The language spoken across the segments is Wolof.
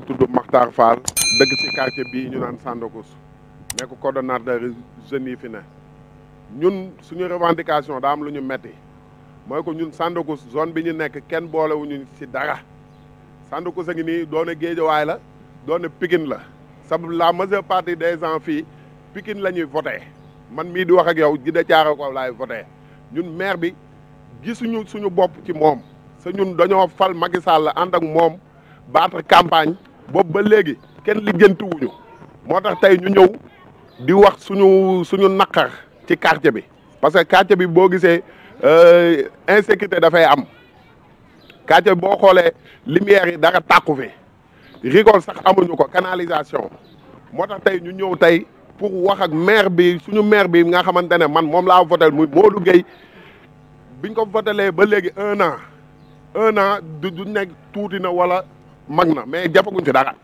ngi tudd Makhtar Fall dëgg ci quartier bii ñu naan Sandakus nekk coordonnateur jeunes yi fi na ñun suñu revendication daa am lu ñu metti mooy ko ñun Sandakus zone bi ñu nekk kenn boolewuñu si dara Sandakus a ngi nii doone waay la doone Pikine la sab la majeure partie des ans fii Pikine la ñuy voté man mii di wax ak yow ji de caaro ko laay voté ñun maire bi gisuñu suñu bopp ci moom sa ñun doñoo fal Macky Sall ànd ak moom battre campagne boobu ba léegi kenn lijjantiwuñu moo tax tey ñu ñëw di wax suñu suñu naqar ci quartier bi parce que quartier bi boo gisee euh, insécurité dafay am quartier bi boo xoolee lumière yi dara tàkku fi rigole sax amuñu ko canalisation moo tax tey ñu ñëw tey pour wax ak maire bi suñu maire bi nga xamante ne man moom laa voté muy Modou Gueye biñ ko votelee ba léegi un an un an du du tuuti na wala mag na mais jàppaguñ ci dara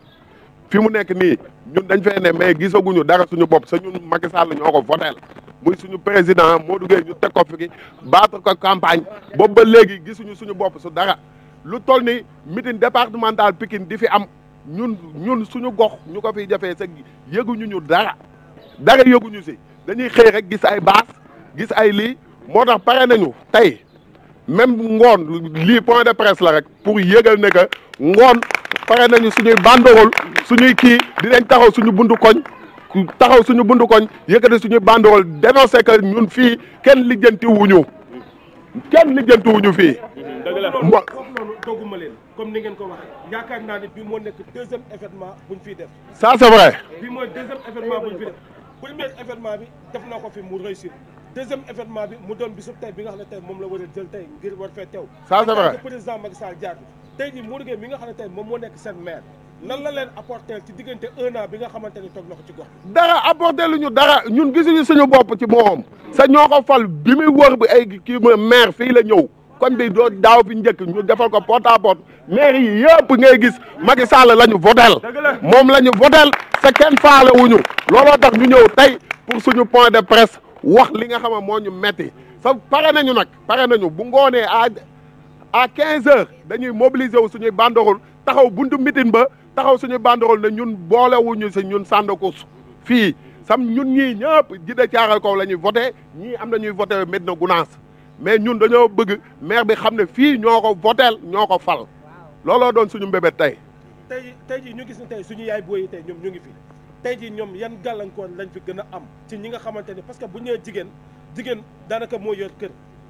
fi mu nekk nii ñun dañ fee ne mais gisaguñu dara suñu bopp sa ñun Macky Sall ñoo ko voteel muy suñu président moo duggee ñu teg ko fi battre ko campagne boobu ba léegi gisuñu suñu bopp su dara lu toll ni meeting départemental Pikine di fi am ñun ñun suñu gox ñu ko fi jafee sa yëguñu ñu dara dara yëguñu si dañuy xëy rek gis ay baas gis ay lii moo tax pare nañu tey même ngoon lii point de presse la rek pour yëgal ne que ngoon pare nañu suñuy banderole suñuy kii dinañ taxaw suñu buntu koñ taxaw suñu buntu koñ yëkkati suñuy banderole dénoncé que ñun fii kenn lijjanti wuñu kenn lijjanti wuñu fii. dëgg la dogguma leen comme ni ngeen ko waxee yaakaar naa ne bii moo nekk deuxième événement buñ fiy def. ça c'est vrai. bii mooy deuxième événement buñ fiy événement bi def na ko fi mu réussir. deuxième événement bi mu doon bisub tey bi nga xam ne tey moom la war a jël tey ngir war fee teew. ça c'est vrai président Macky Sall mi nga xam ne tey moom moo nekk seen maire lan la leen apporter ci diggante un an bi nga xamante ni toog na ko ci gox dara apporter dara ñun gisuñu suñu bopp ci moom sa ñoo ko fal bi muy wër bi ay kii maire fii la ñëw kon bi doo daaw fi njëkk ñu defal ko porte maire yi ngay gis Macky Sall la ñu votel moom la ñu votel sa kenn faale wuñu wax li nga xam moo ñu metti sa pare nañu nag pare nañu bu ngoonee à à quinze dañuy mobiliser wu suñuy banderole taxaw buntu mitin ba taxaw suñuy banderole ne ñun boolewuñu si ñun Sandokos fii sam ñun ñii ñëpp Djiddah Thiaroye Kaw la ñuy voté ñii am na ñuy voté Médina Gounass mais ñun dañoo bëgg maire bi xam ne fii ñoo ko voteel ñoo ko fal looloo doon suñu mbébét tey tey tey jii ñu gis ne tey suñu yaay booy tey ñoom ñu ngi fi tey jii ñoom yan gàllankoor lañ fi gën a am ci ñi nga xamante ni parce que bu ñëwee jigéen jigéen daanaka moo yor kër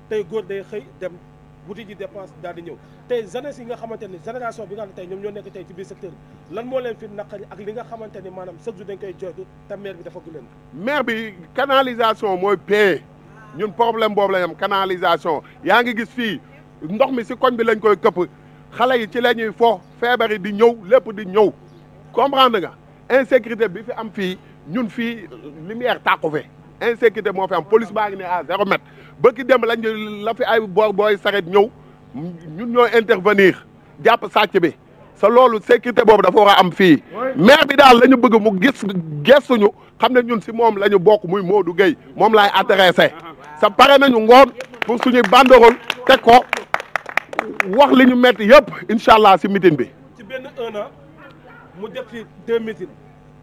tey góor day xëy dem wuti ji dépense daal di ñëw tey jeunesse yi nga xamante ni génération bi nga xam tey ñoom ñoo nekk tey ci biir secteur bi lan moo leen fi naqari ak li nga xamante ni maanaam chaque jour dañ koy jooytu te maire bi dafa gu leen maire bi canalisation mooy paye ñun problème boobu la am canalisation yaa ngi gis fii ndox mi si koñ bi lañ koy këpp xale yi ci la ñuy fo feebar yi di ñëw lépp di ñëw comprendre nga insécurité bi fi am fii ñun fii lumière tàqu fi insécurité moo fi am police baa ngi ne à zéro mètre bëgg dem lañ la fi ay boor booy saret ñëw ñun ñoo intervenir jàpp sàcc bi sa loolu sécurité boobu dafa war am fii maire bi daal la ñu bëgg mu gis gestuñu xam ne ñun si moom la ñu bokk muy Modou Gueye moom laay adressé sa pare nañu ngoon pour suñuy banderole teg ko wax li ñu metti yëpp incha allah si meeting bi. ci benn mu def fi deux meetings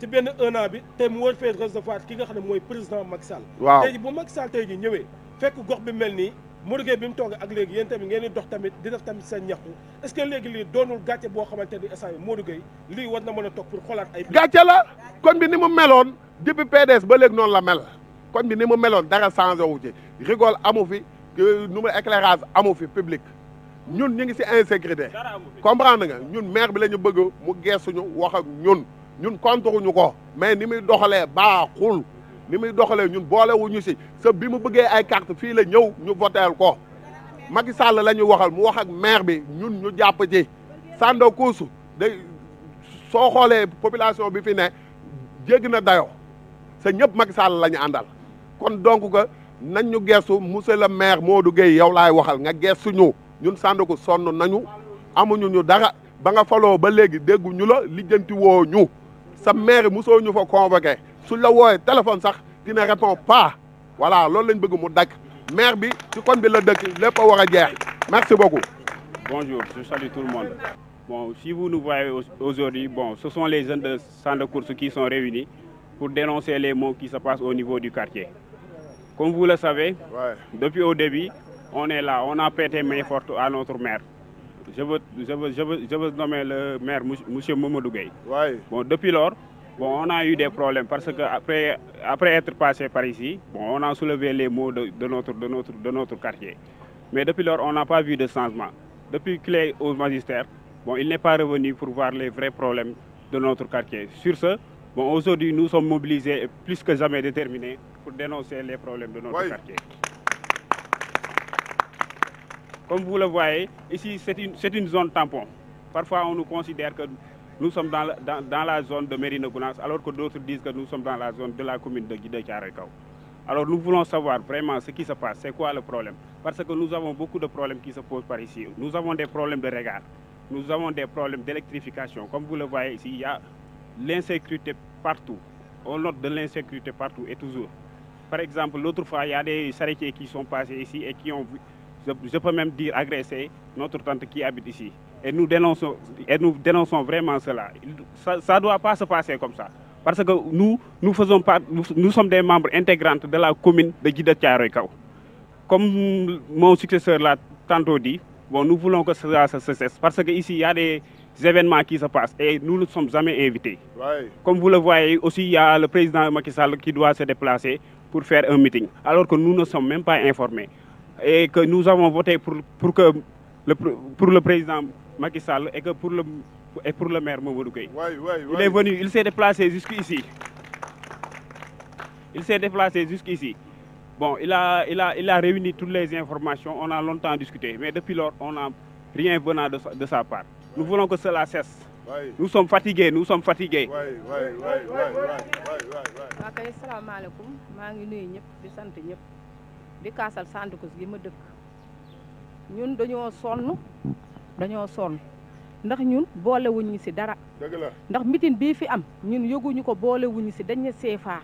ci benn un an bi te mu war fee recevoir ki nga xam ne mooy président Macky Sall. waaw tey ji bu Macky Sall ji ñëwee fekk gox bi mel nii morgue bi mu toog ak léegi yéen tamit ngeen di dox tamit di def tamit seen ñaxtu est-ce que léegi lii doonul gàcce boo xamante ni instant bi morgue yi lii war na mën a toog pour xoolaat ay. gàcce la kon bi ni mu meloon depuis PDS ba léegi noonu la mel kon bi ni mu meloon dara changé wu ci rigole amu fi nu mu éclairage amu fi public. ñun ñu ngi ci insécurité comprendre nga ñun maire bi lañu ñu bëgg mu geesuñu wax ak ñun ñun konturuñu ko mais ni muy doxalee baaxul ni muy doxalee ñun boolewuñu si sa bi mu bëggee ay carte fii la ñëw ñu voteel ko Macky Sall la ñu waxal mu wax ak maire bi ñun ñu jàpp ci Sando Kousu day soo xoolee population bi fi ne jégg na dayoo sa ñëpp Macky Sall la àndal kon donc que nañ ñu geesu monsieur le maire Modou Gueye yow laay waxal nga geesuñu ñun Sandakou sonn nañu amuñu ñu dara ba nga faloo ba léegi déggu ñu la lijjanti woo ñu sa maire mosoo ñu fa convoqué suñ la wooyee téléphone sax dina répond pa voilà loolu lañ bëgg mu dakk maire bi ci koñ bi la dëkk lépp a war a jeex merci beaucoup. bonjour je salue tout le monde. Bon, si vous nous voyez aujourd'hui, bon, ce sont les jeunes de Sandakou qui sont réunis pour dénoncer le mots qui se passent au niveau du quartier. Comme vous le savez, ouais. depuis au début, on est là, on a prêté main à notre maire. Je veux, je veux, nommer le maire, M. Momodou Gueye. Ouais. depuis lors, on a eu des problèmes parce que après, être passé par ici, on a soulevé les mots de, notre, quartier. Mais depuis lors, on n'a pas vu de changement. Depuis qu'il est au magistère, bon, il n'est pas revenu pour voir les vrais problèmes de notre quartier. Sur ce, bon, aujourd'hui, nous sommes mobilisés plus que jamais déterminés pour dénoncer les problèmes de notre Comme vous le voyez, ici c'est une, zone tampon. Parfois on nous considère que nous sommes dans, la, zone de Mérine Goulans, alors que d'autres disent que nous sommes dans la zone de la commune de Guidé Tcharekao. Alors nous voulons savoir vraiment ce qui se passe, c'est quoi le problème. Parce que nous avons beaucoup de problèmes qui se posent par ici. Nous avons des problèmes de regard, nous avons des problèmes d'électrification. Comme vous le voyez il y et toujours. Par exemple, l'autre fois, il a des charretiers je, je, peux même dire agresser notre tante qui habite ici. Et nous dénonçons, vraiment cela. Ça doit pas se passer comme ça. Parce que nous, nous, faisons part, nous, nous, sommes des membres intégrantes de la commune de Guida Tiaroïkao. Comme mon successeur l'a tantôt dit, bon, nous voulons que cela se cesse. Parce qu'ici, il y a des événements qui se passent et nous ne sommes jamais invités. Comme vous le voyez, aussi, il a le président Macky qui doit se déplacer pour faire un et que nous avons voté pour, que, le, pour le président Macky Sall et, que pour, le, pour le maire Mamadou Gueye. Ouais, ouais, ouais. Il est venu, il s'est déplacé jusqu'ici. Il Bon, il a, il, a, il réuni toutes les informations, on a longtemps discuté, mais depuis lors, on n'a rien venant de, sa part. Nous voulons que cela cesse. Nous sommes fatigués, nous sommes fatigués. waay waay waay waay waay waay waay waay waay di kaasal Sandikos gi ma dëkk ñun dañoo sonn dañoo sonn ndax ñun ñu si dara. dëgg ndax mitin bii fi am ñun yëguñu ko boolewuñu si dañ ne CFA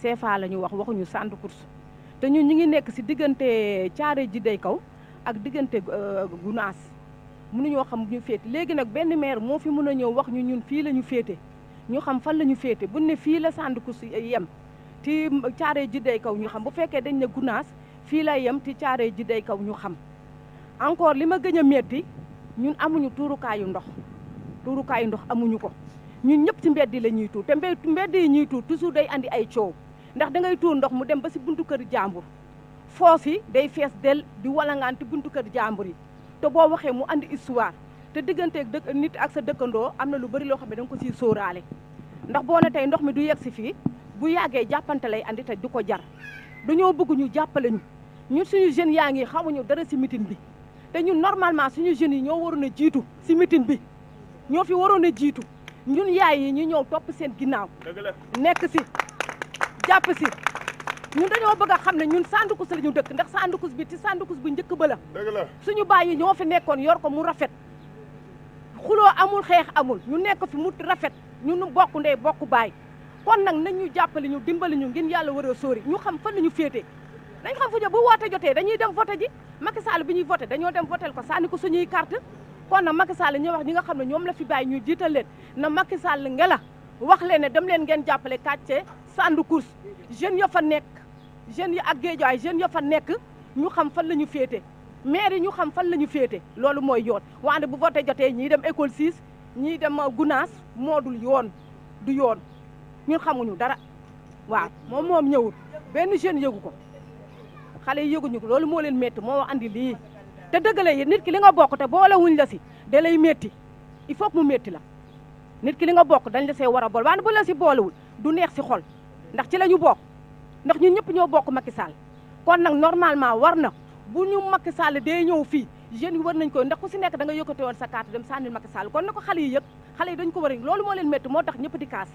CFA la ñu wax waxuñu Sandikos te ñun ñu ngi nekk si diggante caare ji day kaw ak diggante euh, gunaas mënuñoo xam ñu féete léegi nag benn maire moo fi mun a ñëw wax ñu ñun fii la ñu féete ñu xam fan la ñu féete buñ ne fii la Sandikos yem ci caaree ji day kaw ñu xam bu fekkee dañ ne gunaas fii lay yem ti caare ji day kaw ñu xam encore li ma gën a metti ñun amuñu tuurukaayu ndox tuurukaayu ndox amuñu ko ñun ñëpp ci mbedd yi la ñuy tuur te mbedd yi ñuy tuur toujours day andi ay coow ndax dangay tuur ndox mu dem ba si buntu kër jàmbur foos yi day fees del di walangaanti buntu kër jàmbur yi te boo waxee mu andi histoire te digganteeg dëkk nit ak sa dëkkandoo am na lu bëri loo xam ne da ko siy sóoraale ndax boo ne tey ndox mi du yegg si fii bu yàggee jàppante lay andi te ko jar dañoo bëgg ñu jàppale ñu ñun suñu jeunes yaa ngi xamuñu dara si meeting bi te ñun normalement suñu jeunes yi ñoo waroon a jiitu si meeting bi ñoo fi waroon a jiitu ñun yaay yi ñu ñëw topp seen ginnaaw nekk si jàpp si ñun dañoo bëgg a xam ne ñun Sandoukouse la ñu dëkk ndax Sandoukouse bi ci Sandoukouse bu njëkk ba suñu baay yi ñoo fi nekkoon yor ko mu rafet xuloo amul xeex amul ñu nekk fi mu rafet ñun nu bokk ndey bokk baay kon nag nañ ñu jàppale ñu dimbali ñu ngeen yàlla war a sóori ñu xam fan la ñu féetee dañ xam fu ñu bu woote jotee dañuy dem voté ji Macky Sall bi ñuy voté dañoo dem votel ko sànni ko suñuy carte kon nag Macky Sall ñu wax ñi nga xam ne ñoom la fi bàyyi ñu jiital leen na Macky Sall ngela wax leen ne dem leen ngeen jàppale kàcce sandu course jeunes ya fa nekk jeunes yi ak géejaay jeunes ya fa nekk ñu xam fan la ñu féete maire yi ñu xam fan la ñu féete loolu mooy yoon wante bu voté jotee ñii dem école 6 ñii dem Gunaas moodul yoon du yoon ñun xamuñu dara waaw moom moom ñëwul benn jeune yëgu ko xale yi yëguñu ko loolu moo leen métti moo andi lii te dëggale yi nit ki li nga bokk te boolewuñ la si da lay métti il faut que mu metti la nit ki li nga bokk dañ la see war a bool waaye bu la si boolewul du neex si xol ndax ci la ñu bokk ndax ñun ñëpp ñoo bokk Macky Sall kon nag normalement war na bu ñu Macky Sall dee ñëw fii jeunes yi war nañ ko ndax ku si nekk da nga yëkkate woon sa carte dem sànnil Macky kon na ko xale yi yëg xale yi dañ loolu moo leen métti moo tax ñëpp di kaas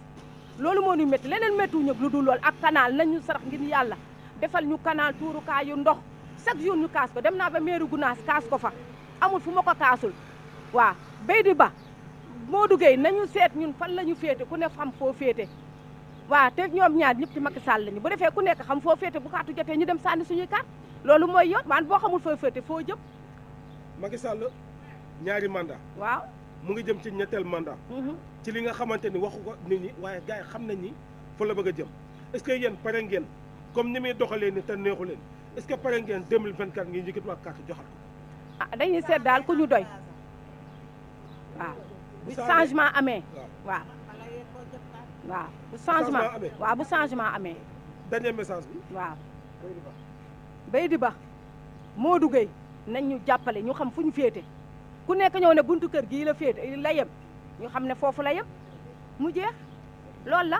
loolu moo ñu métti leneen méttiwu ñëpp lu dul loolu ak canal nañu sarax ngir yàlla defal ñu canal tuurukaayu ndox chaque jour ñu kaas ko dem naa ba mairie Gounass kaas ko fa amul fu ma ko kaasul waaw béy di ba moo duggee nañu seet ñun fan la ñu féete ku nekk xam foo féete waaw te ñoom ñaar ñëpp ci Macky Sall lañu bu defee ku nekk xam foo féete bu kaatu jotee ñu dem sànni suñu kaat loolu mooy yoon waan boo xamul foo féete foo jëm Macky Sall ñaari mandat waaw mu ngi jëm ci ñetteel mandat. Mhm. ci li nga xamante ni waxu ko nit ñi waaye gars yi xam nañ ni fa la bëgg a jëm est-ce que yéen pare ngeen comme ni muy doxalee ni te neexu leen est-ce que pare ngeen 2024 ngi njëkkit waa carte joxal ko. ah dañuy seet daal ku ñu doy waaw. bu changement amee waaw. waaw bu changement amee waaw bu changement amee. dernier message bi. waaw. Baydi Ba Modou Gueye nañ ñu jàppale ñu xam fu ñu féete. ku nekk ñëw ne buntu kër gii la féete la yem ñu xam ne foofu la yem mu jeex loolu la.